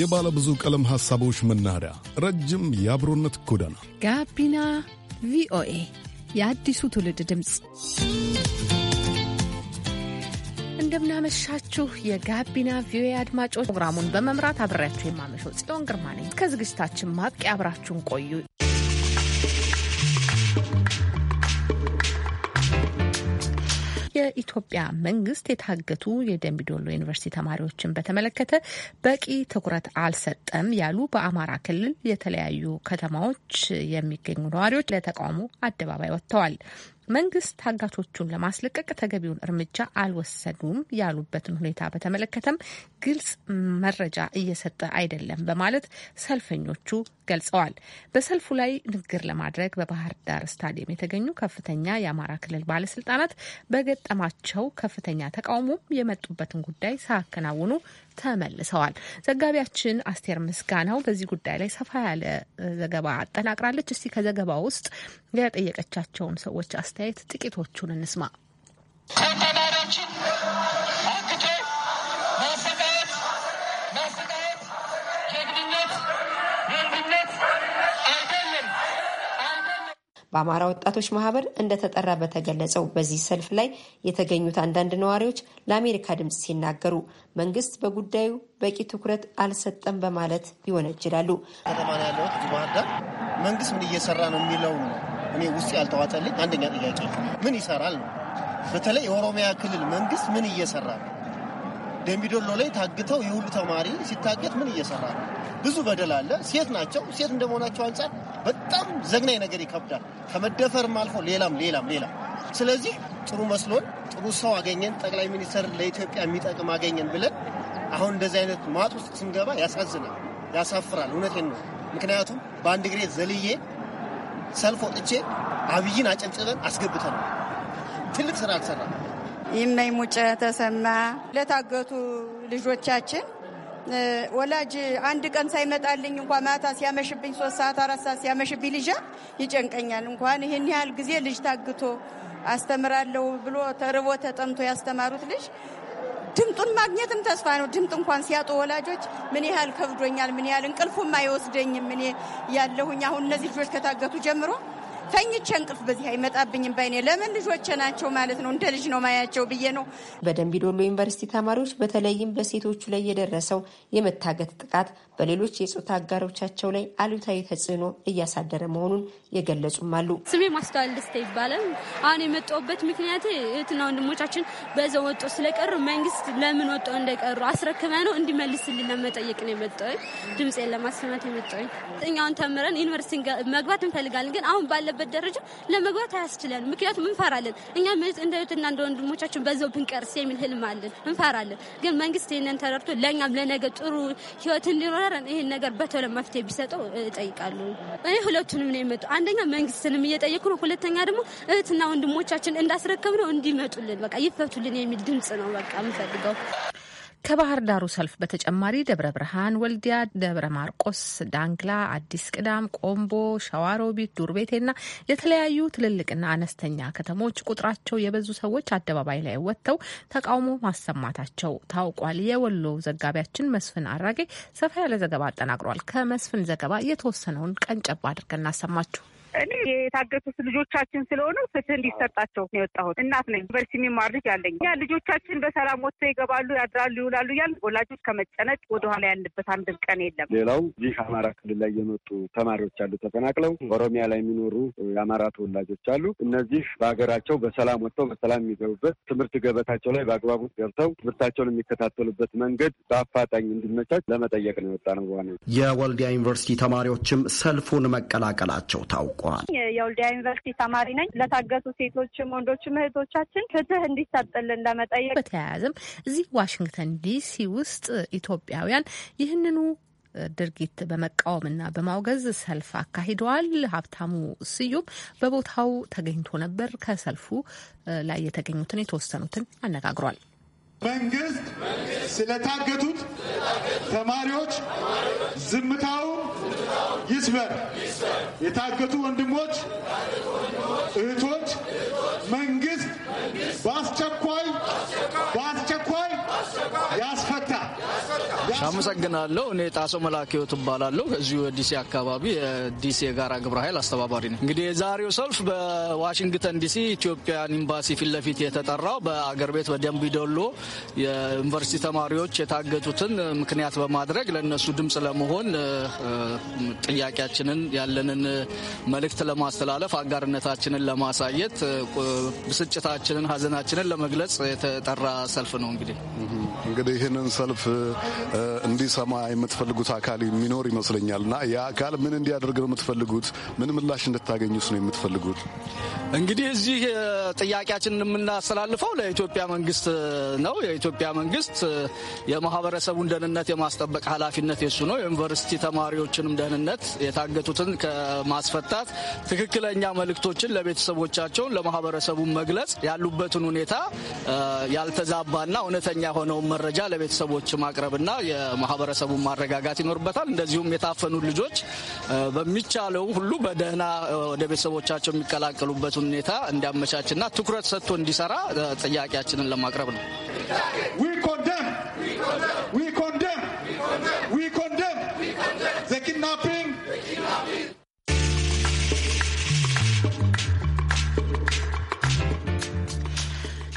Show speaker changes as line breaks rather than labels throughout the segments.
የባለ ብዙ ቀለም ሐሳቦች መናኸሪያ፣ ረጅም የአብሮነት ጎዳና
ጋቢና ቪኦኤ የአዲሱ ትውልድ ድምፅ። እንደምናመሻችሁ የጋቢና ቪኦኤ አድማጮች፣ ፕሮግራሙን በመምራት አብሬያችሁ የማመሸው ጽዮን ግርማ ነኝ። ከዝግጅታችን ማብቂያ አብራችሁን ቆዩ። የኢትዮጵያ መንግስት የታገቱ የደምቢዶሎ ዩኒቨርሲቲ ተማሪዎችን በተመለከተ በቂ ትኩረት አልሰጠም ያሉ በአማራ ክልል የተለያዩ ከተማዎች የሚገኙ ነዋሪዎች ለተቃውሞ አደባባይ ወጥተዋል። መንግስት ታጋቾቹን ለማስለቀቅ ተገቢውን እርምጃ አልወሰዱም ያሉበትን ሁኔታ በተመለከተም ግልጽ መረጃ እየሰጠ አይደለም በማለት ሰልፈኞቹ ገልጸዋል። በሰልፉ ላይ ንግግር ለማድረግ በባህር ዳር ስታዲየም የተገኙ ከፍተኛ የአማራ ክልል ባለስልጣናት በገጠማቸው ከፍተኛ ተቃውሞም የመጡበትን ጉዳይ ሳያከናውኑ ተመልሰዋል። ዘጋቢያችን አስቴር ምስጋናው በዚህ ጉዳይ ላይ ሰፋ ያለ ዘገባ አጠናቅራለች። እስቲ ከዘገባ ውስጥ የጠየቀቻቸውን ሰዎች አስተያየት ጥቂቶቹን እንስማ። በአማራ ወጣቶች ማህበር እንደተጠራ በተገለጸው በዚህ ሰልፍ ላይ የተገኙት አንዳንድ ነዋሪዎች ለአሜሪካ ድምፅ ሲናገሩ መንግስት በጉዳዩ በቂ ትኩረት አልሰጠም በማለት ይወነጅላሉ።
ከተማ ያለሁት መንግስት ምን እየሰራ ነው የሚለው እኔ ውስጥ ያልተዋጠልኝ አንደኛ ጥያቄ ምን ይሰራል ነው። በተለይ የኦሮሚያ ክልል መንግስት ምን እየሰራ ነው ደምቢዶሎ ላይ ታግተው የሁሉ ተማሪ ሲታገት ምን እየሰራ ነው? ብዙ በደል አለ። ሴት ናቸው። ሴት እንደመሆናቸው አንጻር በጣም ዘግናኝ ነገር ይከብዳል። ከመደፈርም አልፎ ሌላም ሌላም ሌላም። ስለዚህ ጥሩ መስሎን ጥሩ ሰው አገኘን፣ ጠቅላይ ሚኒስትር ለኢትዮጵያ የሚጠቅም አገኘን ብለን አሁን እንደዚህ አይነት ማጥ ውስጥ ስንገባ ያሳዝናል፣ ያሳፍራል። እውነቴን ነው። ምክንያቱም በአንድ ግሬ ዘልዬ ሰልፍ ወጥቼ አብይን አጨብጭበን አስገብተን ትልቅ ስራ አልሰራም። ይመኝ ሙጨ ተሰማ ለታገቱ ልጆቻችን ወላጅ አንድ ቀን ሳይመጣልኝ እንኳ ማታ ሲያመሽብኝ ሶስት ሰዓት አራት ሰዓት ሲያመሽብኝ ልጃ ይጨንቀኛል። እንኳን ይህን ያህል ጊዜ ልጅ ታግቶ አስተምራለሁ ብሎ ተርቦ ተጠምቶ ያስተማሩት ልጅ ድምጡን ማግኘትም ተስፋ ነው። ድምጥ እንኳን ሲያጡ ወላጆች ምን ያህል ከብዶኛል፣ ምን ያህል እንቅልፉም አይወስደኝም እኔ ያለሁኝ አሁን እነዚህ ልጆች ከታገቱ ጀምሮ ተኝቼ እንቅልፍ በዚህ አይመጣብኝም። ባይኔ ለምን ልጆቼ ናቸው ማለት ነው እንደ ልጅ ነው ማያቸው ብዬ ነው።
በደንቢዶሎ ዩኒቨርሲቲ ተማሪዎች በተለይም በሴቶቹ ላይ የደረሰው የመታገት ጥቃት በሌሎች የፆታ አጋሮቻቸው ላይ አሉታዊ ተጽዕኖ እያሳደረ መሆኑን የገለጹም አሉ። ስሜ
ማስተዋል ደስታ ይባላል። አሁን የመጣሁበት ምክንያት እህትና ወንድሞቻችን በዛ ወጦ ስለቀሩ መንግስት ለምን ወጦ እንደቀሩ አስረክመ ነው እንዲመልስልን ለመጠየቅ ነው የመጣሁኝ። ድምፄን ለማሰማት የመጣሁኝ። እኛውን ተምረን ዩኒቨርሲቲ መግባት እንፈልጋለን ግን አሁን ባለበት ባለንበት ደረጃ ለመግባት አያስችለን። ምክንያቱም እንፈራለን። እኛ እንደ እህትና እንደ ወንድሞቻችን በዛው ብንቀርስ የሚል ህልም አለን፣ እንፈራለን። ግን መንግስት ይህንን ተረድቶ ለእኛም ለነገ ጥሩ ህይወት እንዲኖረን ይህን ነገር በቶሎ መፍትሄ ቢሰጠው እጠይቃሉ። እኔ ሁለቱንም ነው የመጡ አንደኛ መንግስትንም እየጠየኩ ነው፣ ሁለተኛ ደግሞ እህትና ወንድሞቻችን እንዳስረከብ ነው እንዲመጡልን፣ በቃ ይፈቱልን የሚል ድምጽ ነው
በቃ የምፈልገው። ከባህር ዳሩ ሰልፍ በተጨማሪ ደብረ ብርሃን፣ ወልዲያ፣ ደብረ ማርቆስ፣ ዳንግላ፣ አዲስ ቅዳም፣ ቆምቦ፣ ሸዋሮቢት፣ ዱር ቤቴና የተለያዩ ትልልቅና አነስተኛ ከተሞች ቁጥራቸው የበዙ ሰዎች አደባባይ ላይ ወጥተው ተቃውሞ ማሰማታቸው ታውቋል። የወሎ ዘጋቢያችን መስፍን አራጌ ሰፋ ያለ ዘገባ አጠናቅሯል። ከመስፍን ዘገባ የተወሰነውን ቀንጨባ አድርገን እናሰማችሁ። እኔ የታገቱት ልጆቻችን ስለሆነ ፍትህ
እንዲሰጣቸው
ነው የወጣሁት። እናት ነኝ፣ ዩኒቨርሲቲ የሚማር ልጅ አለኝ። ያ ልጆቻችን በሰላም ወጥተው ይገባሉ፣ ያድራሉ፣ ይውላሉ እያል ወላጆች ከመጨነቅ ወደኋላ ያለበት አንድም ቀን የለም። ሌላው
ይህ አማራ ክልል ላይ የመጡ ተማሪዎች አሉ ተፈናቅለው ኦሮሚያ ላይ የሚኖሩ የአማራ ተወላጆች አሉ። እነዚህ በሀገራቸው በሰላም ወጥተው በሰላም የሚገቡበት ትምህርት ገበታቸው ላይ በአግባቡ ገብተው ትምህርታቸውን የሚከታተሉበት መንገድ በአፋጣኝ እንዲመቻች ለመጠየቅ ነው የወጣ ነው።
የወልዲያ ዩኒቨርሲቲ ተማሪዎችም ሰልፉን መቀላቀላቸው ታውቋል። ይቆራል።
የወልዲያ ዩኒቨርሲቲ ተማሪ ነኝ። ለታገቱ ሴቶችም ወንዶችም እህቶቻችን ፍትህ እንዲሰጥልን ለመጠየቅ በተያያዘም እዚህ ዋሽንግተን ዲሲ ውስጥ ኢትዮጵያውያን ይህንኑ ድርጊት በመቃወምና በማውገዝ ሰልፍ አካሂደዋል። ሀብታሙ ስዩም በቦታው ተገኝቶ ነበር። ከሰልፉ ላይ የተገኙትን የተወሰኑትን አነጋግሯል። መንግስት ስለታገቱት ተማሪዎች
ዝምታውን ይስበር። የታገቱ ወንድሞች፣ እህቶች መንግስት በአስቸኳይ በአስቸኳይ ያስፈታ።
አመሰግናለሁ። እኔ ጣሶ መላኪዮ ትባላለሁ። እዚሁ ዲሲ አካባቢ የዲሲ የጋራ ግብረ ኃይል አስተባባሪ ነው። እንግዲህ የዛሬው ሰልፍ በዋሽንግተን ዲሲ ኢትዮጵያን ኤምባሲ ፊት ለፊት የተጠራው በአገር ቤት በደንቢ ዶሎ የዩኒቨርሲቲ ተማሪዎች የታገቱትን ምክንያት በማድረግ ለእነሱ ድምፅ ለመሆን ጥያቄያችንን ያለንን መልእክት ለማስተላለፍ አጋርነታችንን ለማሳየት ብስጭታችንን ሀዘናችንን ለመግለጽ የተጠራ ሰልፍ
ነው። እንግዲህ እንግዲህ ይህንን ሰልፍ እንዲሰማ የምትፈልጉት አካል የሚኖር ይመስለኛል እና ያ አካል ምን እንዲያደርግ ነው የምትፈልጉት? ምን ምላሽ እንድታገኙስ ነው የምትፈልጉት?
እንግዲህ እዚህ ጥያቄያችንን የምናስተላልፈው ለኢትዮጵያ መንግስት ነው። የኢትዮጵያ መንግስት የማህበረሰቡን ደህንነት የማስጠበቅ ኃላፊነት የሱ ነው። የዩኒቨርሲቲ ተማሪዎችንም ደህንነት የታገቱትን ከማስፈታት ትክክለኛ መልእክቶችን ለቤተሰቦቻቸውን ለማህበረሰቡ መግለጽ ያሉበትን ሁኔታ ያልተዛባና እውነተኛ የሆነውን መረጃ ለቤተሰቦች ማቅረብና የማህበረሰቡን ማረጋጋት ይኖርበታል። እንደዚሁም የታፈኑ ልጆች በሚቻለው ሁሉ በደህና ወደ ቤተሰቦቻቸው የሚቀላቀሉበት ሁኔታ እንዲያመቻችና ትኩረት ሰጥቶ እንዲሰራ ጥያቄያችንን ለማቅረብ ነው።
We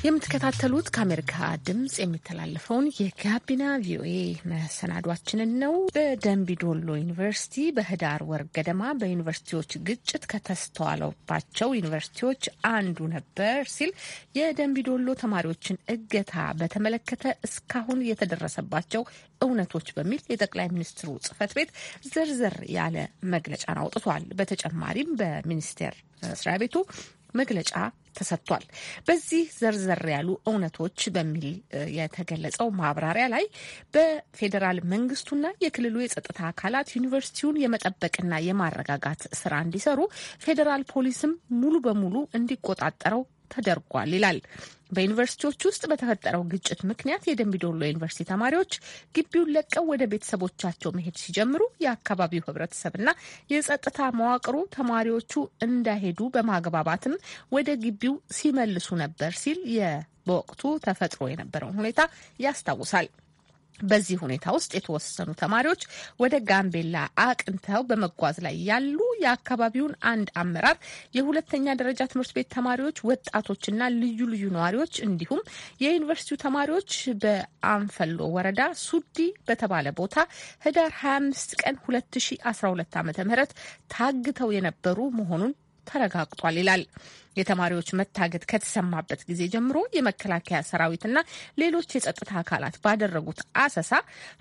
የምትከታተሉት ከአሜሪካ ድምጽ የሚተላለፈውን የጋቢና ቪኦኤ መሰናዷችንን ነው። በደንቢዶሎ ዩኒቨርሲቲ በህዳር ወር ገደማ በዩኒቨርሲቲዎች ግጭት ከተስተዋለባቸው ዩኒቨርሲቲዎች አንዱ ነበር ሲል የደንቢዶሎ ተማሪዎችን እገታ በተመለከተ እስካሁን የተደረሰባቸው እውነቶች በሚል የጠቅላይ ሚኒስትሩ ጽህፈት ቤት ዝርዝር ያለ መግለጫን አውጥቷል። በተጨማሪም በሚኒስቴር መስሪያ ቤቱ መግለጫ ተሰጥቷል። በዚህ ዘርዘር ያሉ እውነቶች በሚል የተገለጸው ማብራሪያ ላይ በፌዴራል መንግስቱና የክልሉ የጸጥታ አካላት ዩኒቨርሲቲውን የመጠበቅና የማረጋጋት ስራ እንዲሰሩ ፌዴራል ፖሊስም ሙሉ በሙሉ እንዲቆጣጠረው ተደርጓል ይላል። በዩኒቨርሲቲዎች ውስጥ በተፈጠረው ግጭት ምክንያት የደንቢ ዶሎ ዩኒቨርሲቲ ተማሪዎች ግቢውን ለቀው ወደ ቤተሰቦቻቸው መሄድ ሲጀምሩ የአካባቢው ሕብረተሰብና የጸጥታ መዋቅሩ ተማሪዎቹ እንዳይሄዱ በማግባባትም ወደ ግቢው ሲመልሱ ነበር ሲል በወቅቱ ተፈጥሮ የነበረውን ሁኔታ ያስታውሳል። በዚህ ሁኔታ ውስጥ የተወሰኑ ተማሪዎች ወደ ጋምቤላ አቅንተው በመጓዝ ላይ ያሉ የአካባቢውን አንድ አመራር፣ የሁለተኛ ደረጃ ትምህርት ቤት ተማሪዎች፣ ወጣቶችና ልዩ ልዩ ነዋሪዎች እንዲሁም የዩኒቨርሲቲው ተማሪዎች በአንፈሎ ወረዳ ሱዲ በተባለ ቦታ ህዳር 25 ቀን 2012 ዓ ም ታግተው የነበሩ መሆኑን ተረጋግጧል ይላል። የተማሪዎች መታገት ከተሰማበት ጊዜ ጀምሮ የመከላከያ ሰራዊትና ሌሎች የጸጥታ አካላት ባደረጉት አሰሳ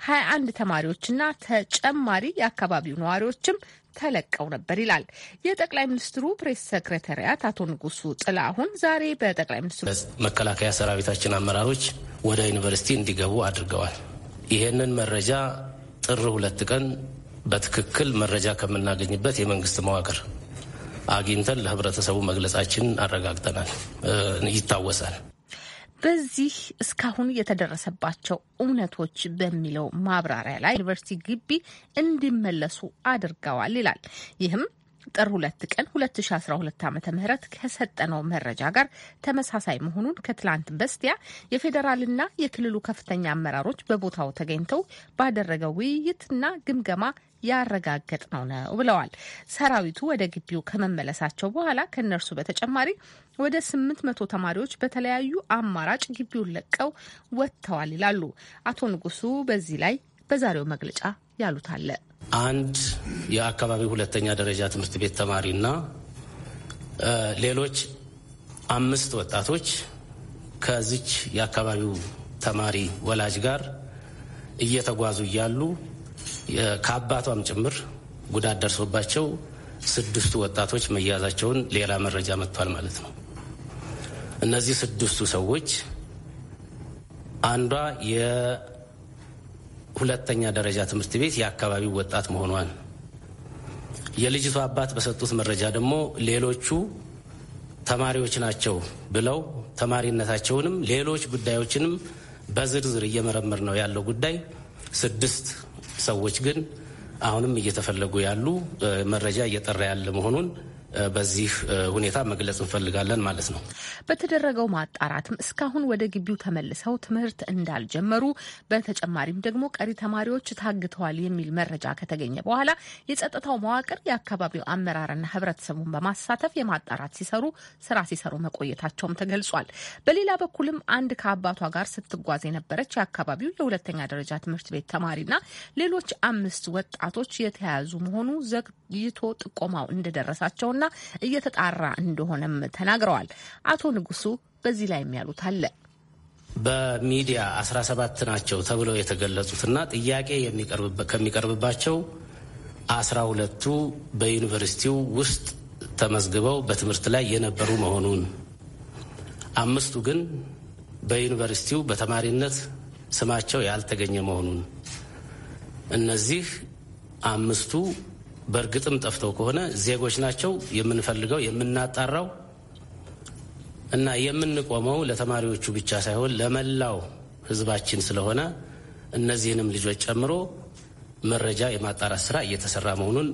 21 ተማሪዎችና ተጨማሪ የአካባቢው ነዋሪዎችም ተለቀው ነበር ይላል የጠቅላይ ሚኒስትሩ ፕሬስ ሰክሬታሪያት አቶ ንጉሱ ጥላሁን ዛሬ በጠቅላይ ሚኒስትሩ
መከላከያ ሰራዊታችን አመራሮች ወደ ዩኒቨርሲቲ እንዲገቡ አድርገዋል። ይህንን መረጃ ጥር ሁለት ቀን በትክክል መረጃ ከምናገኝበት የመንግስት መዋቅር አግኝተን ለህብረተሰቡ መግለጻችንን አረጋግጠናል። ይታወሳል።
በዚህ እስካሁን የተደረሰባቸው እውነቶች በሚለው ማብራሪያ ላይ ዩኒቨርሲቲ ግቢ እንዲመለሱ አድርገዋል ይላል። ይህም ጥር ሁለት ቀን 2012 ዓ ም ከሰጠነው መረጃ ጋር ተመሳሳይ መሆኑን ከትላንት በስቲያ የፌዴራልና የክልሉ ከፍተኛ አመራሮች በቦታው ተገኝተው ባደረገው ውይይትና ግምገማ ያረጋገጥ ነው ነው ብለዋል። ሰራዊቱ ወደ ግቢው ከመመለሳቸው በኋላ ከእነርሱ በተጨማሪ ወደ ስምንት መቶ ተማሪዎች በተለያዩ አማራጭ ግቢውን ለቀው ወጥተዋል ይላሉ አቶ ንጉሱ በዚህ ላይ በዛሬው መግለጫ ያሉት አለ።
አንድ የአካባቢ ሁለተኛ ደረጃ ትምህርት ቤት ተማሪና ሌሎች አምስት ወጣቶች ከዚች የአካባቢው ተማሪ ወላጅ ጋር እየተጓዙ እያሉ ከአባቷም ጭምር ጉዳት ደርሶባቸው ስድስቱ ወጣቶች መያዛቸውን ሌላ መረጃ መጥቷል ማለት ነው። እነዚህ ስድስቱ ሰዎች አንዷ ሁለተኛ ደረጃ ትምህርት ቤት የአካባቢው ወጣት መሆኗን የልጅቷ አባት በሰጡት መረጃ ደግሞ ሌሎቹ ተማሪዎች ናቸው ብለው ተማሪነታቸውንም ሌሎች ጉዳዮችንም በዝርዝር እየመረመር ነው ያለው ጉዳይ። ስድስት ሰዎች ግን አሁንም እየተፈለጉ ያሉ መረጃ እየጠራ ያለ መሆኑን በዚህ ሁኔታ መግለጽ እንፈልጋለን ማለት ነው።
በተደረገው ማጣራትም እስካሁን ወደ ግቢው ተመልሰው ትምህርት እንዳልጀመሩ በተጨማሪም ደግሞ ቀሪ ተማሪዎች ታግተዋል የሚል መረጃ ከተገኘ በኋላ የጸጥታው መዋቅር የአካባቢው አመራርና ህብረተሰቡን በማሳተፍ የማጣራት ሲሰሩ ስራ ሲሰሩ መቆየታቸውም ተገልጿል። በሌላ በኩልም አንድ ከአባቷ ጋር ስትጓዝ የነበረች የአካባቢው የሁለተኛ ደረጃ ትምህርት ቤት ተማሪና ሌሎች አምስት ወጣቶች የተያያዙ መሆኑ ዘግይቶ ጥቆማው እንደደረሳቸውና እንደነበረና እየተጣራ እንደሆነም ተናግረዋል። አቶ ንጉሱ በዚህ ላይ የሚያሉት አለ።
በሚዲያ 17 ናቸው ተብለው የተገለጹትና ጥያቄ ከሚቀርብባቸው አስራ ሁለቱ በዩኒቨርሲቲው ውስጥ ተመዝግበው በትምህርት ላይ የነበሩ መሆኑን አምስቱ ግን በዩኒቨርሲቲው በተማሪነት ስማቸው ያልተገኘ መሆኑን እነዚህ አምስቱ በእርግጥም ጠፍተው ከሆነ ዜጎች ናቸው የምንፈልገው የምናጣራው እና የምንቆመው ለተማሪዎቹ ብቻ ሳይሆን ለመላው ሕዝባችን ስለሆነ እነዚህንም ልጆች ጨምሮ መረጃ የማጣራት ስራ እየተሰራ መሆኑን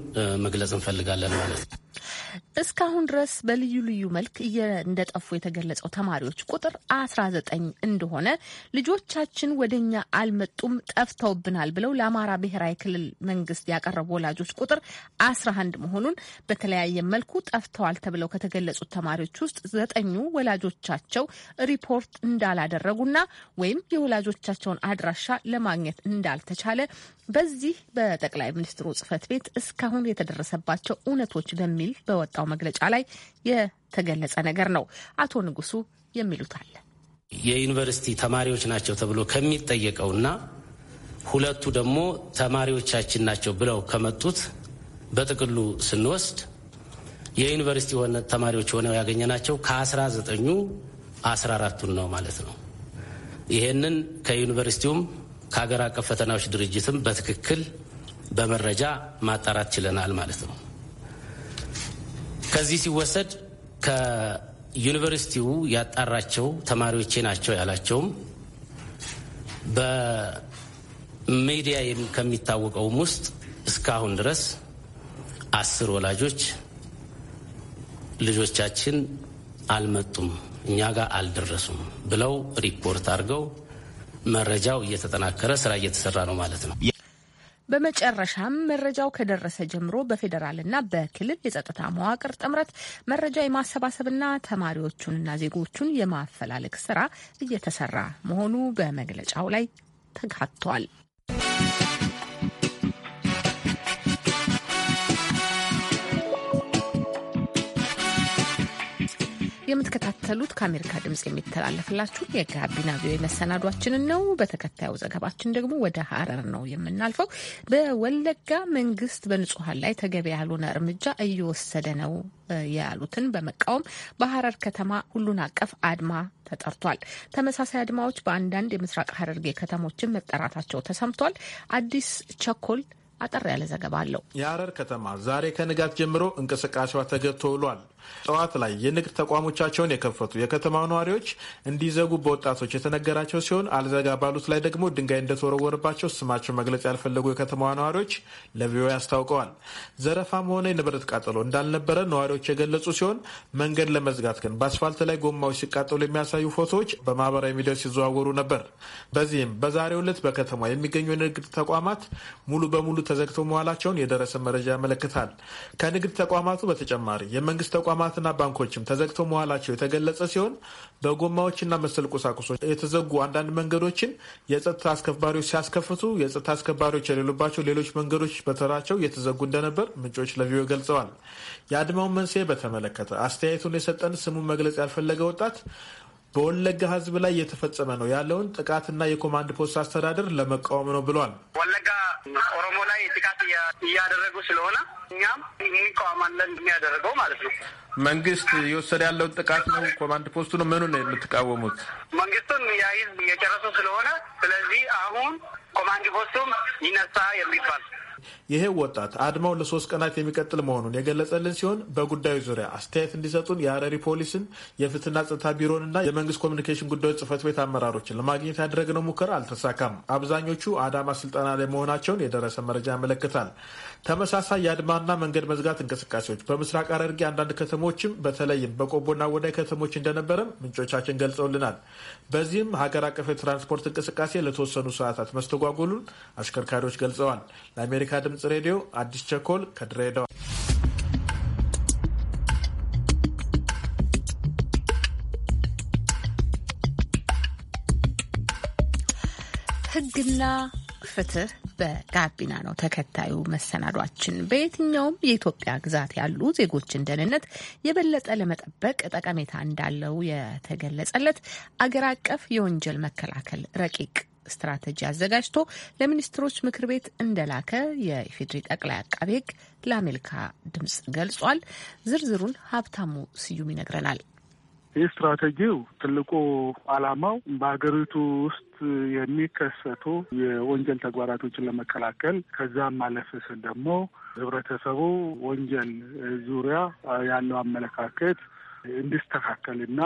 መግለጽ እንፈልጋለን ማለት ነው።
እስካሁን ድረስ በልዩ ልዩ መልክ እንደጠፉ የተገለጸው ተማሪዎች ቁጥር አስራ ዘጠኝ እንደሆነ ልጆቻችን ወደኛ አልመጡም ጠፍተውብናል ብለው ለአማራ ብሔራዊ ክልል መንግስት ያቀረቡ ወላጆች ቁጥር አስራ አንድ መሆኑን በተለያየ መልኩ ጠፍተዋል ተብለው ከተገለጹት ተማሪዎች ውስጥ ዘጠኙ ወላጆቻቸው ሪፖርት እንዳላደረጉና ወይም የወላጆቻቸውን አድራሻ ለማግኘት እንዳልተቻለ በዚህ በጠቅላይ ሚኒስትሩ ጽህፈት ቤት እስካሁን የተደረሰባቸው እውነቶች በሚል በወጣው ባወጣው መግለጫ ላይ የተገለጸ ነገር ነው። አቶ ንጉሱ የሚሉት አለ።
የዩኒቨርሲቲ ተማሪዎች ናቸው ተብሎ ከሚጠየቀው እና ሁለቱ ደግሞ ተማሪዎቻችን ናቸው ብለው ከመጡት በጥቅሉ ስንወስድ የዩኒቨርሲቲ ተማሪዎች ሆነው ያገኘናቸው ከአስራ ዘጠኙ አስራ አራቱን ነው ማለት ነው። ይሄንን ከዩኒቨርሲቲውም ከሀገር አቀፍ ፈተናዎች ድርጅትም በትክክል በመረጃ ማጣራት ችለናል ማለት ነው። ከዚህ ሲወሰድ ከዩኒቨርሲቲው ያጣራቸው ተማሪዎቼ ናቸው ያላቸውም በሚዲያ ከሚታወቀውም ውስጥ እስካሁን ድረስ አስር ወላጆች ልጆቻችን አልመጡም፣ እኛ ጋር አልደረሱም ብለው ሪፖርት አድርገው መረጃው እየተጠናከረ ስራ እየተሰራ ነው ማለት ነው።
በመጨረሻም መረጃው ከደረሰ ጀምሮ በፌዴራልና በክልል የጸጥታ መዋቅር ጥምረት መረጃ የማሰባሰብና ተማሪዎቹንና ዜጎቹን የማፈላለግ ስራ እየተሰራ መሆኑ በመግለጫው ላይ ተካቷል። የምትከታተሉት ከአሜሪካ ድምጽ የሚተላለፍላችሁ የጋቢና ቪኦኤ መሰናዷችንን ነው። በተከታዩ ዘገባችን ደግሞ ወደ ሀረር ነው የምናልፈው። በወለጋ መንግስት በንጹሀን ላይ ተገቢ ያልሆነ እርምጃ እየወሰደ ነው ያሉትን በመቃወም በሀረር ከተማ ሁሉን አቀፍ አድማ ተጠርቷል። ተመሳሳይ አድማዎች በአንዳንድ የምስራቅ ሀረርጌ ከተሞችን መጠራታቸው ተሰምቷል። አዲስ ቸኮል አጠር ያለ ዘገባ
አለው።
የሀረር ከተማ ዛሬ ከንጋት ጀምሮ እንቅስቃሴዋ ተገብቶ ውሏል። ጠዋት ላይ የንግድ ተቋሞቻቸውን የከፈቱ የከተማው ነዋሪዎች እንዲዘጉ በወጣቶች የተነገራቸው ሲሆን አልዘጋ ባሉት ላይ ደግሞ ድንጋይ እንደተወረወረባቸው ስማቸው መግለጽ ያልፈለጉ የከተማዋ ነዋሪዎች ለቪኦኤ አስታውቀዋል። ዘረፋም ሆነ የንብረት ቃጠሎ እንዳልነበረ ነዋሪዎች የገለጹ ሲሆን መንገድ ለመዝጋት ግን በአስፋልት ላይ ጎማዎች ሲቃጠሉ የሚያሳዩ ፎቶዎች በማህበራዊ ሚዲያ ሲዘዋወሩ ነበር። በዚህም በዛሬው ዕለት በከተማ የሚገኙ የንግድ ተቋማት ሙሉ በሙሉ ተዘግተው መዋላቸውን የደረሰ መረጃ ያመለክታል። ከንግድ ተቋማቱ በተጨማሪ የመንግስት ተቋማ ተቋማትና ባንኮችም ተዘግተው መዋላቸው የተገለጸ ሲሆን በጎማዎችና መሰል ቁሳቁሶች የተዘጉ አንዳንድ መንገዶችን የጸጥታ አስከባሪዎች ሲያስከፍቱ የጸጥታ አስከባሪዎች የሌሉባቸው ሌሎች መንገዶች በተራቸው የተዘጉ እንደነበር ምንጮች ለቪዮ ገልጸዋል። የአድማውን መንስኤ በተመለከተ አስተያየቱን የሰጠን ስሙን መግለጽ ያልፈለገ ወጣት በወለጋ ሕዝብ ላይ እየተፈጸመ ነው ያለውን ጥቃትና የኮማንድ ፖስት አስተዳደር ለመቃወም ነው ብሏል።
ወለጋ ኦሮሞ ላይ ጥቃት
እያደረጉ ስለሆነ እኛም እንቃወማለን የሚያደርገው ማለት ነው።
መንግስት የወሰደ ያለውን ጥቃት ነው ኮማንድ ፖስቱ ነው ምኑ ነው የምትቃወሙት?
መንግስቱን የህዝብ የጨረሱ ስለሆነ ስለዚህ አሁን ኮማንድ ፖስቱም ይነሳ የሚባል
ይሄ ወጣት አድማው ለሶስት ቀናት የሚቀጥል መሆኑን የገለጸልን ሲሆን በጉዳዩ ዙሪያ አስተያየት እንዲሰጡን የአረሪ ፖሊስን የፍትህና ጸጥታ ቢሮንና የመንግስት ኮሚኒኬሽን ጉዳዮች ጽህፈት ቤት አመራሮችን ለማግኘት ያደረግነው ሙከራ አልተሳካም። አብዛኞቹ አዳማ ስልጠና ላይ መሆናቸውን የደረሰ መረጃ ያመለክታል። ተመሳሳይ የአድማና መንገድ መዝጋት እንቅስቃሴዎች በምስራቅ ሐረርጌ አንዳንድ ከተሞችም በተለይም በቆቦና ወዳይ ከተሞች እንደነበረም ምንጮቻችን ገልጸውልናል። በዚህም ሀገር አቀፍ የትራንስፖርት እንቅስቃሴ ለተወሰኑ ሰዓታት መስተጓጎሉን አሽከርካሪዎች ገልጸዋል። ለአሜሪካ ድምጽ ሬዲዮ አዲስ ቸኮል ከድሬዳዋ።
ህግና ፍትህ በጋቢና ነው ተከታዩ መሰናዷችን። በየትኛውም የኢትዮጵያ ግዛት ያሉ ዜጎችን ደህንነት የበለጠ ለመጠበቅ ጠቀሜታ እንዳለው የተገለጸለት አገር አቀፍ የወንጀል መከላከል ረቂቅ ስትራቴጂ አዘጋጅቶ ለሚኒስትሮች ምክር ቤት እንደላከ የኢፌዴሪ ጠቅላይ አቃቤ ሕግ ለአሜሪካ ድምጽ ገልጿል። ዝርዝሩን ሀብታሙ ስዩም ይነግረናል።
ይህ ስትራቴጂው ትልቁ አላማው በሀገሪቱ ውስጥ የሚከሰቱ የወንጀል ተግባራቶችን ለመከላከል ከዛም ማለፍ ስል ደግሞ ህብረተሰቡ ወንጀል ዙሪያ ያለው አመለካከት እንዲስተካከልና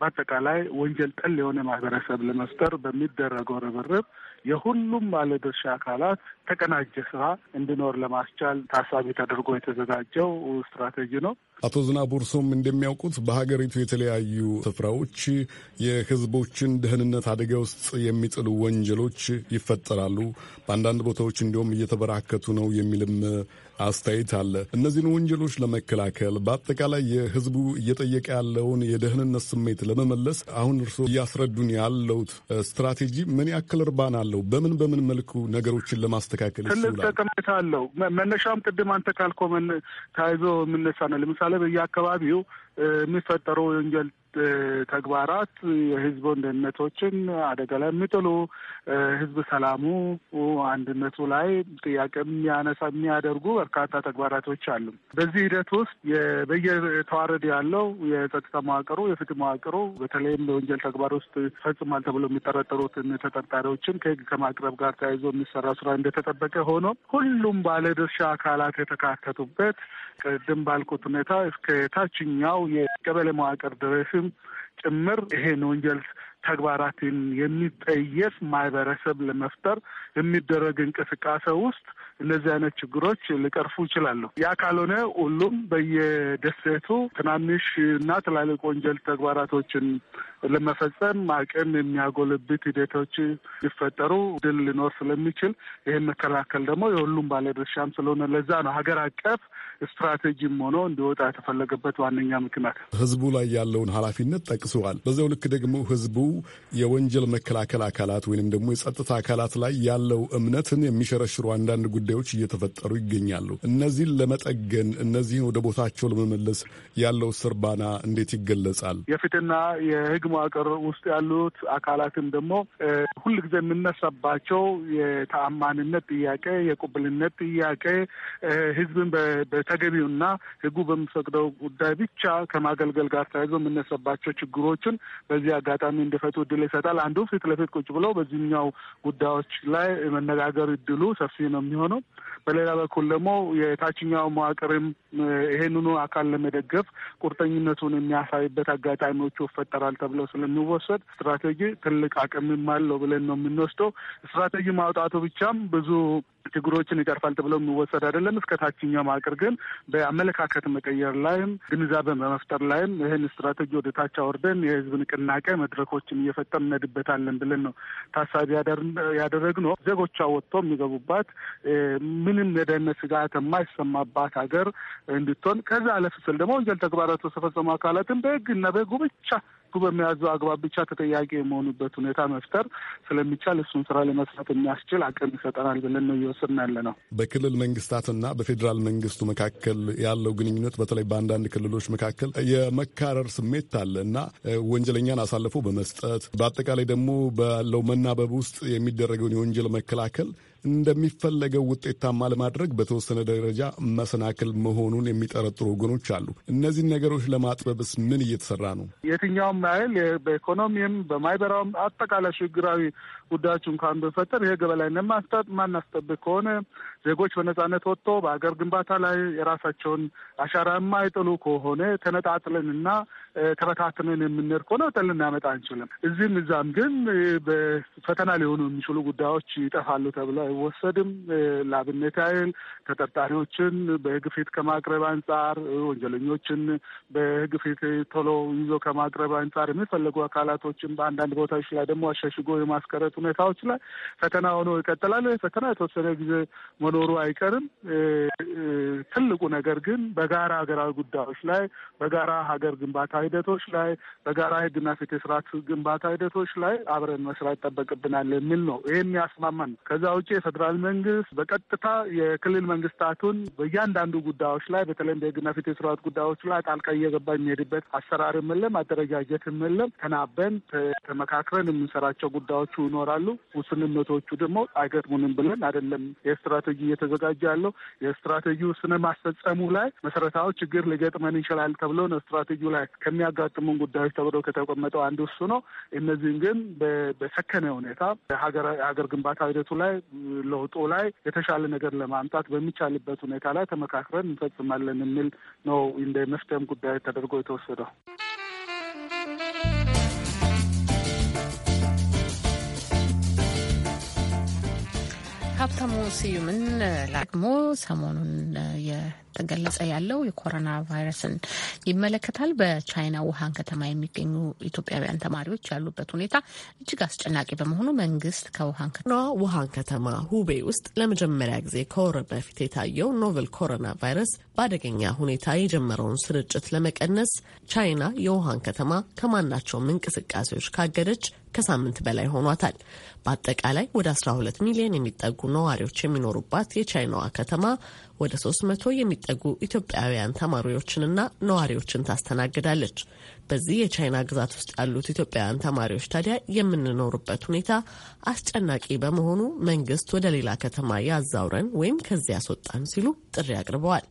በአጠቃላይ ወንጀል ጠል የሆነ ማህበረሰብ ለመፍጠር በሚደረገው ርብርብ የሁሉም ባለድርሻ አካላት ተቀናጀ ስራ እንዲኖር ለማስቻል ታሳቢ ተደርጎ የተዘጋጀው ስትራቴጂ ነው።
አቶ ዝናቡ እርሶም እንደሚያውቁት በሀገሪቱ የተለያዩ ስፍራዎች የሕዝቦችን ደህንነት አደጋ ውስጥ የሚጥሉ ወንጀሎች ይፈጠራሉ። በአንዳንድ ቦታዎች እንዲሁም እየተበራከቱ ነው የሚልም አስተያየት አለ። እነዚህን ወንጀሎች ለመከላከል በአጠቃላይ የህዝቡ እየጠየቀ ያለውን የደህንነት ስሜት ለመመለስ አሁን እርስዎ እያስረዱን ያለውት ስትራቴጂ ምን ያክል እርባና አለው? በምን በምን መልኩ ነገሮችን ለማስተካከል ይችላል?
ጠቀሜታ አለው። መነሻውም ቅድም አንተ ካልኮመን ተያይዞ የምነሳ ነው። ለምሳሌ በየአካባቢው የሚፈጠረው ወንጀል ተግባራት የህዝቡን ደህንነቶችን አደጋ ላይ የሚጥሉ ህዝብ ሰላሙ አንድነቱ ላይ ጥያቄ የሚያነሳ የሚያደርጉ በርካታ ተግባራቶች አሉ። በዚህ ሂደት ውስጥ በየተዋረድ ያለው የጸጥታ መዋቅሩ የፍትህ መዋቅሩ በተለይም በወንጀል ተግባር ውስጥ ፈጽሟል ተብሎ የሚጠረጠሩትን ተጠርጣሪዎችን ከህግ ከማቅረብ ጋር ተያይዞ የሚሰራ ስራ እንደተጠበቀ ሆኖ ሁሉም ባለድርሻ አካላት የተካተቱበት ቅድም ባልኩት ሁኔታ እስከ ታችኛው የቀበሌ መዋቅር ድረስም ጭምር ይሄን ወንጀል ተግባራትን የሚጠየፍ ማህበረሰብ ለመፍጠር የሚደረግ እንቅስቃሴ ውስጥ እነዚህ አይነት ችግሮች ሊቀርፉ ይችላሉ። ያ ካልሆነ ሁሉም በየደሴቱ ትናንሽ እና ትላልቅ ወንጀል ተግባራቶችን ለመፈጸም አቅም የሚያጎልብት ሂደቶች ሊፈጠሩ ድል ሊኖር ስለሚችል ይህን መከላከል ደግሞ የሁሉም ባለድርሻም ስለሆነ ለዛ ነው ሀገር አቀፍ ስትራቴጂም ሆኖ እንዲወጣ የተፈለገበት ዋነኛ ምክንያት
ህዝቡ ላይ ያለውን ኃላፊነት ጠቅሰዋል። በዚያው ልክ ደግሞ ህዝቡ የወንጀል መከላከል አካላት ወይንም ደግሞ የጸጥታ አካላት ላይ ያለው እምነትን የሚሸረሽሩ አንዳንድ ጉዳዮች እየተፈጠሩ ይገኛሉ። እነዚህን ለመጠገን እነዚህን ወደ ቦታቸው ለመመለስ ያለው ስርባና እንዴት ይገለጻል?
የፍትህና የህግ መዋቅር ውስጥ ያሉት አካላትም ደግሞ ሁልጊዜ የምነሳባቸው የተአማንነት ጥያቄ፣ የቁብልነት ጥያቄ ህዝብን ተገቢውና ህጉ በሚፈቅደው ጉዳይ ብቻ ከማገልገል ጋር ተያይዞ የምነሰባቸው ችግሮችን በዚህ አጋጣሚ እንዲፈቱ እድል ይሰጣል። አንዱ ፊት ለፊት ቁጭ ብለው በዚህኛው ጉዳዮች ላይ መነጋገር እድሉ ሰፊ ነው የሚሆነው። በሌላ በኩል ደግሞ የታችኛው መዋቅርም ይሄንኑ አካል ለመደገፍ ቁርጠኝነቱን የሚያሳይበት አጋጣሚዎቹ ይፈጠራል ተብለው ስለሚወሰድ ስትራቴጂ ትልቅ አቅም አለው ብለን ነው የምንወስደው። ስትራቴጂ ማውጣቱ ብቻም ብዙ ችግሮችን ይቀርፋል ተብሎ የሚወሰድ አይደለም። እስከ ታችኛው መዋቅር ግን በአመለካከት መቀየር ላይም ግንዛቤ በመፍጠር ላይም ይህን ስትራቴጂ ወደ ታች አውርደን የህዝብ ንቅናቄ መድረኮችን እየፈጠ እንሄድበታለን ብለን ነው ታሳቢ ያደረግነው። ዜጎቿ ወጥቶ የሚገቡባት ምንም የደህንነት ስጋት የማይሰማባት ሀገር እንድትሆን ከዛ አለፍ ስል ደግሞ ወንጀል ተግባራት በተፈጸሙ አካላትን በህግና በህጉ ብቻ ህጉ በሚያዙ አግባብ ብቻ ተጠያቂ የመሆኑበት ሁኔታ መፍጠር ስለሚቻል እሱን ስራ ለመስራት የሚያስችል አቅም ይሰጠናል ብለን ነው እየወሰድን ያለ ነው።
በክልል መንግስታትና በፌዴራል መንግስቱ መካከል ያለው ግንኙነት በተለይ በአንዳንድ ክልሎች መካከል የመካረር ስሜት አለ እና ወንጀለኛን አሳልፎ በመስጠት በአጠቃላይ ደግሞ ባለው መናበብ ውስጥ የሚደረገውን የወንጀል መከላከል እንደሚፈለገው ውጤታማ ለማድረግ በተወሰነ ደረጃ መሰናክል መሆኑን የሚጠረጥሩ ወገኖች አሉ። እነዚህን ነገሮች ለማጥበብስ ምን እየተሰራ ነው?
የትኛውም ያህል በኢኮኖሚም በማህበራዊም አጠቃላይ ሽግራዊ ጉዳዮች እንኳን ብንፈጠር የህግ የበላይነት ማስጠጥ ማናስጠብቅ ከሆነ ዜጎች በነጻነት ወጥቶ በሀገር ግንባታ ላይ የራሳቸውን አሻራ የማይጥሉ ከሆነ ተነጣጥለንና ተበታትነን የምንሄድ ከሆነ ጠል ልናመጣ አንችልም። እዚህም እዛም ግን በፈተና ሊሆኑ የሚችሉ ጉዳዮች ይጠፋሉ ተብሎ አይወሰድም። ለአብነት ያህል ተጠርጣሪዎችን በህግ ፊት ከማቅረብ አንጻር፣ ወንጀለኞችን በህግ ፊት ቶሎ ይዞ ከማቅረብ አንጻር የሚፈለጉ አካላቶችን በአንዳንድ ቦታዎች ላይ ደግሞ አሻሽጎ የማስቀረቱ ሁኔታዎች ላይ ፈተና ሆኖ ይቀጥላል። ፈተና የተወሰነ ጊዜ መኖሩ አይቀርም። ትልቁ ነገር ግን በጋራ ሀገራዊ ጉዳዮች ላይ፣ በጋራ ሀገር ግንባታ ሂደቶች ላይ፣ በጋራ ህግና ፍትህ ስርዓት ግንባታ ሂደቶች ላይ አብረን መስራት ይጠበቅብናል የሚል ነው። ይህም ያስማማን። ከዛ ውጭ የፌዴራል መንግስት በቀጥታ የክልል መንግስታቱን በእያንዳንዱ ጉዳዮች ላይ በተለይም በህግና ፍትህ ስርዓት ጉዳዮች ላይ ጣልቃ እየገባ የሚሄድበት አሰራርም የለም፣ አደረጃጀትም የለም። ተናበን ተመካክረን የምንሰራቸው ጉዳዮች ሆኖ ይኖራሉ። ውስንነቶቹ ደግሞ አይገጥሙንም ብለን አይደለም የስትራቴጂ እየተዘጋጀ ያለው የስትራቴጂው ስነ ማስፈጸሙ ላይ መሰረታዊ ችግር ሊገጥመን ይችላል ተብሎ ነው ስትራቴጂው ላይ ከሚያጋጥሙን ጉዳዮች ተብሎ ከተቀመጠው አንዱ እሱ ነው። እነዚህን ግን በሰከነ ሁኔታ ሀገር ግንባታ ሂደቱ ላይ ለውጡ ላይ የተሻለ ነገር ለማምጣት በሚቻልበት ሁኔታ ላይ ተመካክረን እንፈጽማለን የሚል ነው እንደ መፍትሄም ጉዳዮች ተደርጎ የተወሰደው።
ሀብታሙ ስዩምን ላቅሞ ሰሞኑን የተገለጸ ያለው የኮሮና ቫይረስን ይመለከታል። በቻይና ውሃን ከተማ የሚገኙ ኢትዮጵያውያን ተማሪዎች ያሉበት ሁኔታ እጅግ አስጨናቂ በመሆኑ መንግስት
ከውሃን ከተማ ውሃን ከተማ ሁቤ ውስጥ ለመጀመሪያ ጊዜ ከወር በፊት የታየው ኖቨል ኮሮና ቫይረስ በአደገኛ ሁኔታ የጀመረውን ስርጭት ለመቀነስ ቻይና የውሃን ከተማ ከማናቸውም እንቅስቃሴዎች ካገደች ከሳምንት በላይ ሆኗታል። በአጠቃላይ ወደ 12 ሚሊዮን የሚጠጉ ነዋሪዎች የሚኖሩባት የቻይናዋ ከተማ ወደ 300 የሚጠጉ ኢትዮጵያውያን ተማሪዎችንና ነዋሪዎችን ታስተናግዳለች። በዚህ የቻይና ግዛት ውስጥ ያሉት ኢትዮጵያውያን ተማሪዎች ታዲያ የምንኖርበት ሁኔታ አስጨናቂ በመሆኑ መንግስት ወደ ሌላ ከተማ ያዛውረን ወይም ከዚያ ያስወጣን ሲሉ ጥሪ አቅርበዋል።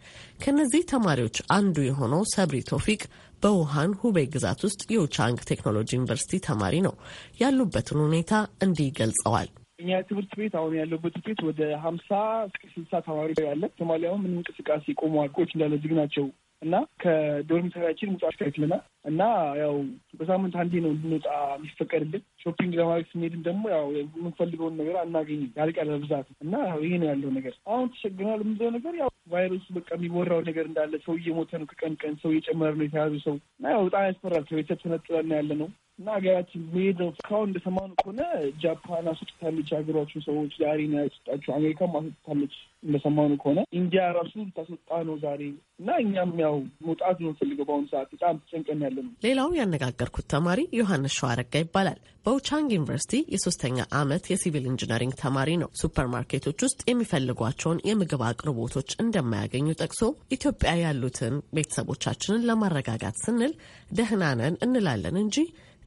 ከነዚህ ተማሪዎች አንዱ የሆነው ሰብሪ ቶፊቅ በውሃን ሁቤይ ግዛት ውስጥ የውቻንግ ቴክኖሎጂ ዩኒቨርሲቲ ተማሪ ነው። ያሉበትን ሁኔታ እንዲህ ገልጸዋል።
እኛ ትምህርት ቤት አሁን ያለበት ውጤት ወደ ሀምሳ እስከ ስልሳ ተማሪ ያለ ሶማሊያውም ምንም እንቅስቃሴ ቆመዋል። ቆች እንዳለ ዝግ ናቸው። እና ከዶርሚተሪያችን መውጣት ከልክለናል እና ያው በሳምንት አንዴ ነው እንድንወጣ የሚፈቀድልን። ሾፒንግ ለማድረግ ስንሄድም ደግሞ ያው የምንፈልገውን ነገር አናገኝም ያልቀረ ብዛት እና ይሄ ነው ያለው ነገር። አሁን ተቸግረናል የምንለው ነገር ያው ቫይረሱ በቃ የሚወራው ነገር እንዳለ ሰው እየሞተ ነው ከቀን ቀን ሰው እየጨመረ ነው የተያዙ ሰው እና ያው በጣም ያስፈራል። ከቤተሰብ ተነጥለን ያለ ነው እና ሀገራችን ሜድ ኦፍ እስካሁን እንደሰማነው ከሆነ ጃፓን አስወጥታለች ሀገሯቸው ሰዎች ዛሬ ነው ያስወጣቸው። አሜሪካም አስወጥታለች እንደሰማነው ከሆነ ኢንዲያ ራሱ ልታስወጣ ነው ዛሬ እና እኛም ያው መውጣት ነው ፈልገው በአሁኑ ሰዓት በጣም ተጨንቀን ያለ ነው።
ሌላው ያነጋገርኩት ተማሪ ዮሐንስ ሸዋረጋ ይባላል። በውቻንግ ዩኒቨርሲቲ የሶስተኛ አመት የሲቪል ኢንጂነሪንግ ተማሪ ነው። ሱፐርማርኬቶች ውስጥ የሚፈልጓቸውን የምግብ አቅርቦቶች እንደማያገኙ ጠቅሶ ኢትዮጵያ ያሉትን ቤተሰቦቻችንን ለማረጋጋት ስንል ደህናነን እንላለን እንጂ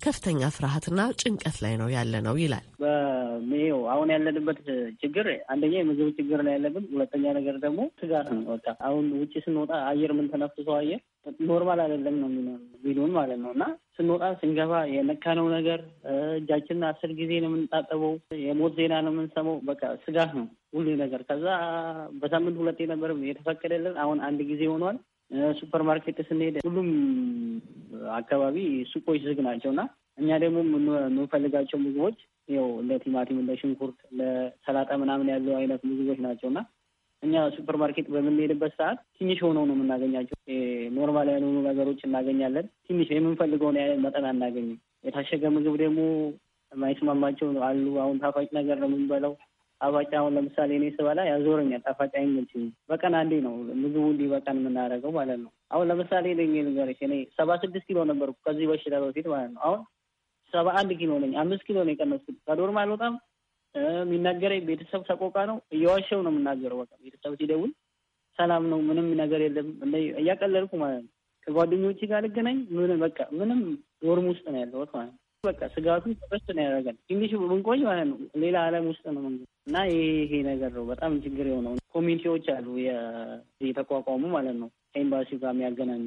ከፍተኛ ፍርሃትና ጭንቀት ላይ ነው ያለ ነው ይላል።
በሜው አሁን ያለንበት ችግር አንደኛ የምግብ ችግር ነው ያለብን። ሁለተኛ ነገር ደግሞ ስጋት ነው። በቃ አሁን ውጭ ስንወጣ አየር የምንተነፍሰው አየር ኖርማል አይደለም ነው ሚሉን ማለት ነው እና ስንወጣ ስንገባ የነካነው ነገር እጃችንን አስር ጊዜ ነው የምንጣጠበው። የሞት ዜና ነው የምንሰማው። በቃ ስጋት ነው ሁሉ ነገር። ከዛ በሳምንት ሁለቴ ነበር የተፈቀደልን፣ አሁን አንድ ጊዜ ሆኗል። ሱፐር ማርኬት ስንሄድ ሁሉም አካባቢ ሱቆች ዝግ ናቸው እና እኛ ደግሞ የምንፈልጋቸው ምግቦች ያው እንደ ቲማቲም፣ እንደ ሽንኩርት፣ እንደ ሰላጣ ምናምን ያሉ አይነት ምግቦች ናቸው እና እኛ ሱፐር ማርኬት በምንሄድበት ሰዓት ትንሽ ሆነው ነው የምናገኛቸው። ኖርማል ያልሆኑ ነገሮች እናገኛለን። ትንሽ የምንፈልገውን ያህል መጠን አናገኝም። የታሸገ ምግብ ደግሞ የማይስማማቸው አሉ። አሁን ጣፋጭ ነገር ነው የምንበላው አባቂ አሁን ለምሳሌ እኔ ስበላ ያዞረኛል። ጣፋጭ አይመችኝም። በቀን አንዴ ነው ምግቡ እንዲህ በቀን የምናደርገው ማለት ነው። አሁን ለምሳሌ ለኝ ንገርሽ እኔ ሰባ ስድስት ኪሎ ነበርኩ ከዚህ በሽታ በፊት ማለት ነው። አሁን ሰባ አንድ ኪሎ ነኝ። አምስት ኪሎ ነው የቀነስኩት። ከዶርም አልወጣም። የሚናገረኝ ቤተሰብ ሰቆቃ ነው። እየዋሸው ነው የምናገረው። በቃ ቤተሰብ ሲደውል ሰላም ነው፣ ምንም ነገር የለም እያቀለልኩ ማለት ነው። ከጓደኞች ጋር ልገናኝ ምን በቃ ምንም ዶርም ውስጥ ነው ያለሁት ማለት ነው። በቃ ስጋቱ በስ ነው ያደረገን። ትንሽ ብንቆይ ማለት ነው ሌላ አለም ውስጥ ነው እና ይሄ ነገር ነው በጣም ችግር የሆነው። ኮሚኒቲዎች አሉ የተቋቋሙ ማለት ነው ኤምባሲው ጋር የሚያገናኙ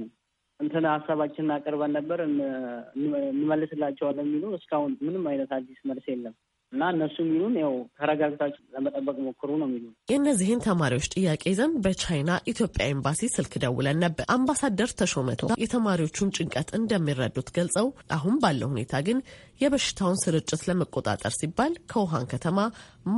እንትን ሀሳባችንን አቅርበን ነበር እንመልስላቸዋለን የሚሉ እስካሁን ምንም አይነት አዲስ መልስ የለም። እና እነሱ የሚሉን ያው ተረጋግታችሁ ለመጠበቅ ሞክሩ ነው የሚሉ።
የእነዚህን ተማሪዎች ጥያቄ ይዘን በቻይና ኢትዮጵያ ኤምባሲ ስልክ ደውለን ነበር። አምባሳደር ተሾመቶ የተማሪዎቹን ጭንቀት እንደሚረዱት ገልጸው አሁን ባለው ሁኔታ ግን የበሽታውን ስርጭት ለመቆጣጠር ሲባል ከውሃን ከተማ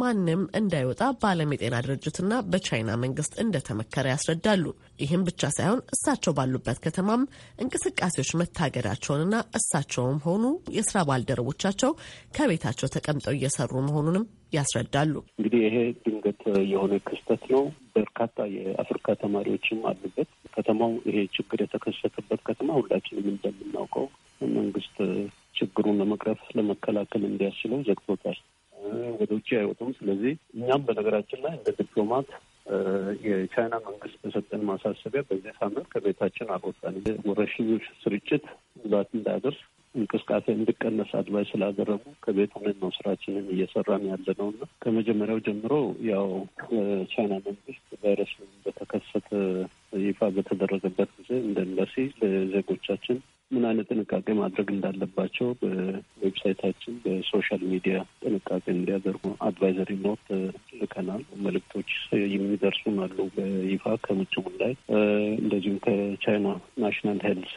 ማንም እንዳይወጣ በዓለም የጤና ድርጅትና በቻይና መንግስት እንደተመከረ ያስረዳሉ። ይህም ብቻ ሳይሆን እሳቸው ባሉበት ከተማም እንቅስቃሴዎች መታገዳቸውንና እሳቸውም ሆኑ የስራ ባልደረቦቻቸው ከቤታቸው ተቀምጠው እየሰሩ መሆኑንም ያስረዳሉ።
እንግዲህ ይሄ ድንገት የሆነ ክስተት ነው። በርካታ የአፍሪካ ተማሪዎችም አሉበት። ከተማው ይሄ ችግር የተከሰተበት ከተማ ሁላችንም እንደምናውቀው መንግስት ችግሩን ለመቅረፍ ለመከላከል እንዲያስችለው ዘግቶታል። ወደ ውጭ አይወጡም። ስለዚህ እኛም በነገራችን ላይ እንደ ዲፕሎማት የቻይና መንግስት በሰጠን ማሳሰቢያ በዚህ ሳምንት ከቤታችን አልወጣንም። ወረሽኞች ስርጭት ጉዳት እንዳያደርስ እንቅስቃሴ እንድቀነስ አድቫይስ ስላደረጉ ከቤት ሆነን ነው ስራችንን እየሰራን ያለ ነው እና ከመጀመሪያው ጀምሮ ያው ቻይና መንግስት ቫይረስ በተከሰተ ይፋ በተደረገበት ጊዜ እንደ ኤምባሲ ለዜጎቻችን ምን አይነት ጥንቃቄ ማድረግ እንዳለባቸው በዌብሳይታችን በሶሻል ሚዲያ ጥንቃቄ እንዲያደርጉ አድቫይዘሪ ኖት ልከናል። መልእክቶች የሚደርሱን አሉ በይፋ ከውጭ ጉዳይ እንደዚሁም ከቻይና ናሽናል ሄልት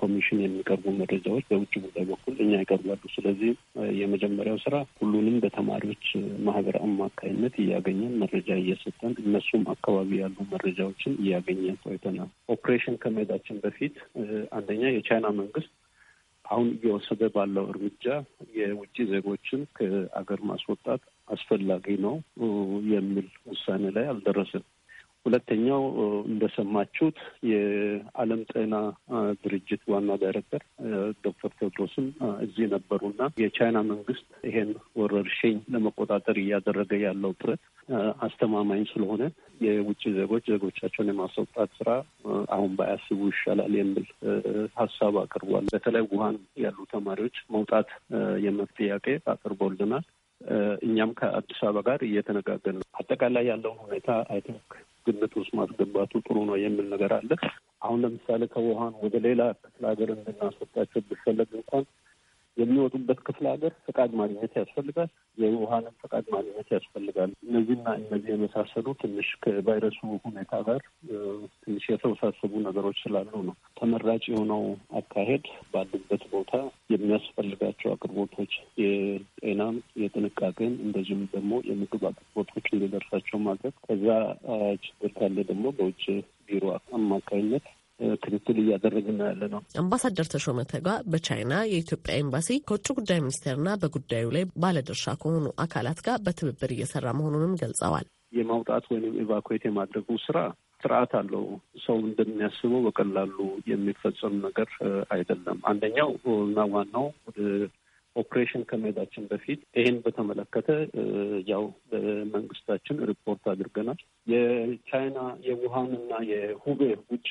ኮሚሽን የሚቀርቡ መረጃዎች በውጭ ጉዳይ በኩል እኛ ይቀርባሉ። ስለዚህ የመጀመሪያው ስራ ሁሉንም በተማሪዎች ማህበር አማካይነት እያገኘን መረጃ እየሰጠን እነሱም አካባቢ ያሉ መረጃዎችን እያገኘን ቆይተናል። ኦፕሬሽን ከመሄዳችን በፊት አንደኛ የቻይና መንግስት አሁን እየወሰደ ባለው እርምጃ የውጭ ዜጎችን ከአገር ማስወጣት አስፈላጊ ነው የሚል ውሳኔ ላይ አልደረስም። ሁለተኛው እንደሰማችሁት የዓለም ጤና ድርጅት ዋና ዳይሬክተር ዶክተር ቴዎድሮስም እዚህ ነበሩና የቻይና መንግስት ይሄን ወረርሽኝ ለመቆጣጠር እያደረገ ያለው ጥረት አስተማማኝ ስለሆነ የውጭ ዜጎች ዜጎቻቸውን የማስወጣት ስራ አሁን ባያስቡ ይሻላል የሚል ሀሳብ አቅርቧል። በተለይ ውሃን ያሉ ተማሪዎች መውጣት የመብት ጥያቄ አቅርቦልናል። እኛም ከአዲስ አበባ ጋር እየተነጋገር ነው። አጠቃላይ ያለውን ሁኔታ አይ ግምት ውስጥ ማስገባቱ ጥሩ ነው የሚል ነገር አለ። አሁን ለምሳሌ ከውሃን ወደ ሌላ ክፍለ ሀገር እንድናስወጣቸው ብፈለግ እንኳን የሚወጡበት ክፍለ ሀገር ፈቃድ ማግኘት ያስፈልጋል። የውሃንም ፈቃድ ማግኘት ያስፈልጋል። እነዚህና እነዚህ የመሳሰሉ ትንሽ ከቫይረሱ ሁኔታ ጋር ትንሽ የተወሳሰቡ ነገሮች ስላሉ ነው ተመራጭ የሆነው አካሄድ ባሉበት ቦታ የሚያስፈልጋቸው አቅርቦቶች የጤናም፣ የጥንቃቄም እንደዚሁም ደግሞ የምግብ አቅርቦቶች እንዲደርሳቸው ማድረግ ከዛ ችግር ካለ ደግሞ በውጭ ቢሮ አማካኝነት ክትትል እያደረግን ያለ ነው።
አምባሳደር ተሾመ ተጋ በቻይና የኢትዮጵያ ኤምባሲ ከውጭ ጉዳይ ሚኒስቴርና በጉዳዩ ላይ ባለድርሻ ከሆኑ አካላት ጋር በትብብር እየሰራ መሆኑንም ገልጸዋል።
የማውጣት ወይም ኢቫኩዌት የማድረጉ ስራ ስርዓት አለው። ሰው እንደሚያስበው በቀላሉ የሚፈጸም ነገር አይደለም። አንደኛው እና ዋናው ወደ ኦፕሬሽን ከመሄዳችን በፊት ይህን በተመለከተ ያው በመንግስታችን ሪፖርት አድርገናል። የቻይና የውሃን እና የሁቤ ውጭ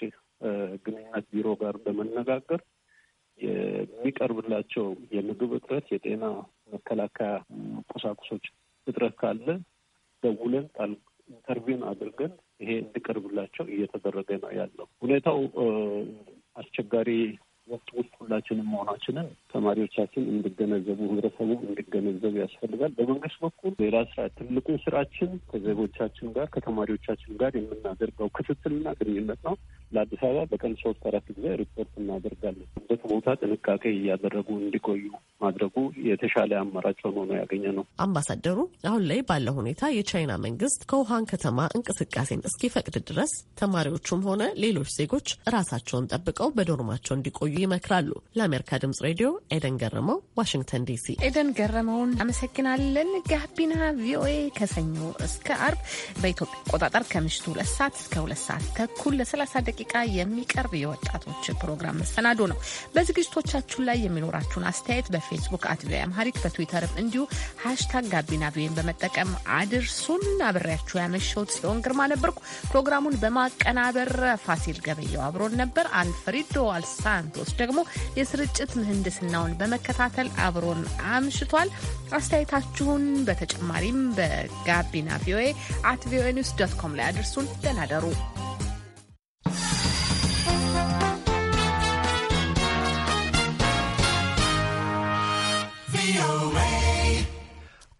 ግንኙነት ቢሮ ጋር በመነጋገር የሚቀርብላቸው የምግብ እጥረት፣ የጤና መከላከያ ቁሳቁሶች እጥረት ካለ ደውለን ጣል ኢንተርቪውን አድርገን ይሄ እንዲቀርብላቸው እየተደረገ ነው ያለው። ሁኔታው አስቸጋሪ ወቅት ውስጥ ሁላችንም መሆናችንን ተማሪዎቻችን እንዲገነዘቡ፣ ህብረተሰቡ እንዲገነዘቡ ያስፈልጋል። በመንግስት በኩል ሌላ ስራ ትልቁ ስራችን ከዜጎቻችን ጋር ከተማሪዎቻችን ጋር የምናደርገው ክትትልና ግንኙነት ነው። ለአዲስ አበባ በቀን ሶስት አራት ጊዜ ሪፖርት እናደርጋለን። በት ቦታ ጥንቃቄ እያደረጉ እንዲቆዩ ማድረጉ የተሻለ አማራጭ ሆኖ ነው ያገኘ ነው።
አምባሳደሩ አሁን ላይ ባለው ሁኔታ የቻይና መንግስት ከውሃን ከተማ እንቅስቃሴን እስኪፈቅድ ድረስ ተማሪዎቹም ሆነ ሌሎች ዜጎች ራሳቸውን ጠብቀው በዶርማቸው እንዲቆዩ ይመክራሉ። ለአሜሪካ ድምጽ ሬዲዮ ኤደን ገረመው፣ ዋሽንግተን ዲሲ።
ኤደን ገረመውን አመሰግናለን። ጋቢና ቪኦኤ ከሰኞ እስከ አርብ በኢትዮጵያ አቆጣጠር ከምሽቱ ሁለት ሰዓት እስከ ሁለት ሰዓት ተኩል ለ30 ደቂቃ ደቂቃ የሚቀርብ የወጣቶች ፕሮግራም መሰናዶ ነው። በዝግጅቶቻችን ላይ የሚኖራችሁን አስተያየት በፌስቡክ አት ቪኦኤ አምሃሪክ በትዊተርም እንዲሁ ሃሽታግ ጋቢና ቪኦኤን በመጠቀም አድርሱን። አብሬያችሁ ያመሸሁት ጽዮን ግርማ ነበርኩ። ፕሮግራሙን በማቀናበር ፋሲል ገበየው አብሮን ነበር። አልፍሬዶ አልሳንቶስ ደግሞ የስርጭት ምህንድስናውን በመከታተል አብሮን አምሽቷል። አስተያየታችሁን በተጨማሪም በጋቢና ቪኦኤ አት ቪኦኤ ኒውስ ዶት ኮም ላይ አድርሱን። ደናደሩ ደሩ።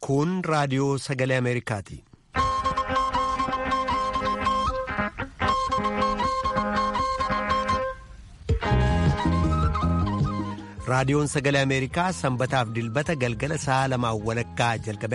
Kun raadiyoo sagalee Ameerikaati.
Raadiyoon sagalee Ameerikaa sanbataaf dilbata galgala sa'a lamaan walakkaa jalqabe.